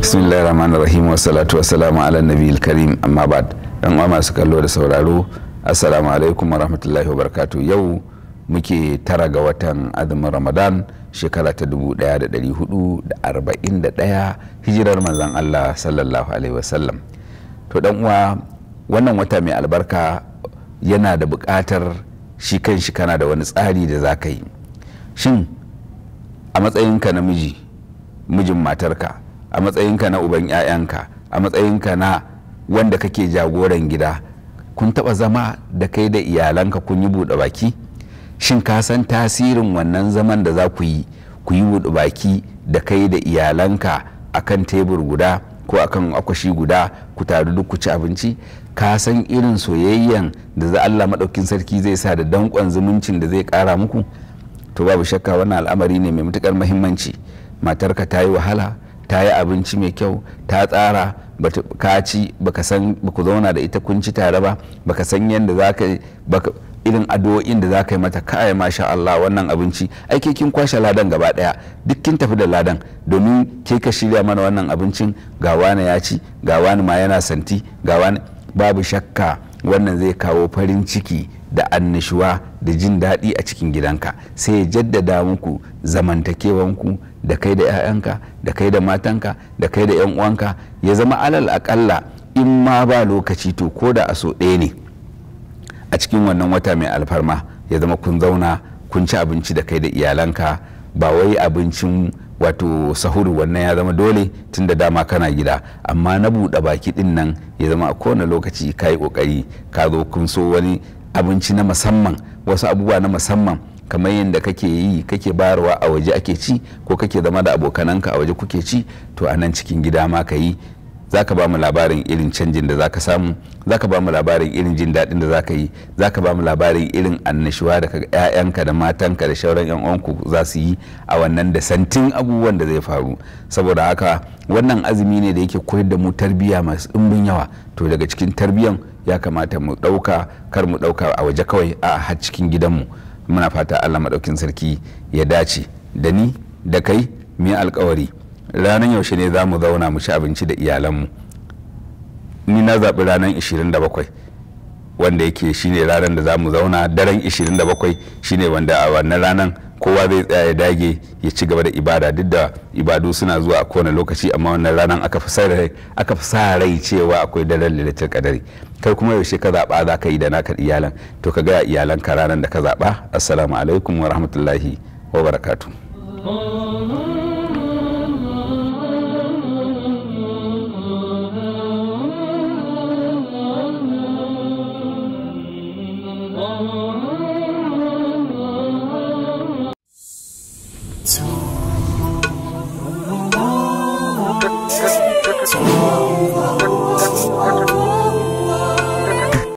bismillahirrahmanirrahim wa salatu wa salamu ala nabiyil karim amma ba'd yan uwa masu kallo da sauraro assalamu alaikum wa rahmatullahi wa barakatuh yau muke tara ga watan azumin ramadan shekara ta 1441 hijirar manzan Allah sallallahu alaihi wasallam to dan uwa wannan wata mai albarka yana da bukatar shi kan shi kana da wani tsari da za ka yi shin a matsayinka na miji mijin matarka a matsayinka na uban 'ya'yanka a matsayinka na wanda kake jagoran gida kun taba zama da kai da iyalanka kun yi buɗe baki shin ka san tasirin wannan zaman da za ku yi ku yi wudu baki da kai da iyalanka a kan tebur guda ko a kan akwashi guda ku taru duk ku ci abinci ka san irin soyayyen da za Allah maɗaukin sarki zai sa da danƙon zumuncin da zai ƙara muku to babu shakka wannan al'amari ne mai matuƙar muhimmanci matarka ta yi wahala ta yi abinci mai kyau ta tsara ka ci ba ka zauna da ita kun ci tare ba ka san yadda za ka irin addu'o'in da za ka yi mata kaya masha Allah wannan abinci ai kin kwashe ladan gaba daya duk kin tafi da ladan domin ke ka shirya mana wannan abincin ga wani ya ci ga wani ma yana santi ga wani babu shakka wannan zai kawo farin ciki da annishuwa da jin daɗi a cikin gidanka sai ya jaddada muku zamantakewanku da kai da 'ya'yanka da kai da matanka da kai da 'yan uwanka ya zama alal aƙalla in ma ba lokaci to ko da a so ɗaya ne a cikin wannan wata mai alfarma ya zama kun zauna kun ci abinci da kai da iyalanka ba wai abincin wato sahuru wannan ya zama dole tun da dama kana gida amma na buɗe baki ɗin nan ya zama a kowane lokaci ka yi ƙoƙari ka zo kun so wani abinci na musamman wasu abubuwa na musamman kamar yadda kake yi kake bayarwa a waje ake ci ko kake zama da abokananka a waje kuke ci to a nan cikin gida ma ka yi za ka ba mu labarin irin canjin da za ka samu za ka ba mu labarin irin jin daɗin da za ka yi za ka ba mu labarin irin annashuwa da ƴaƴanka da matanka da shauran yan uwanku za su yi a wannan da santin abubuwan da zai faru saboda haka wannan azumi ne da yake koyar da mu tarbiyya masu ɗumbin yawa to daga cikin tarbiyyan ya kamata mu ɗauka kar mu ɗauka a waje kawai a har cikin gidanmu muna fata Allah maɗaukin sarki ya dace da ni da kai mu yi alkawari ranar yaushe ne za mu zauna mu ci abinci da iyalanmu ni na zaɓi ranar 27 wanda yake shine ranar da za mu zauna daren 27 shine wanda a wannan ranar kowa zai tsaya ya dage ya ci gaba da ibada duk da ibadu suna zuwa a kowane lokaci amma wannan ranar aka fi sa rai cewa akwai daren lalatar kadari kai kuma yaushe ka zaɓa za ka yi da naka iyalan to ka gaya iyalanka ranar da ka zaɓa assalamu alaikum wa rahmatullahi wa barakatu. Talk.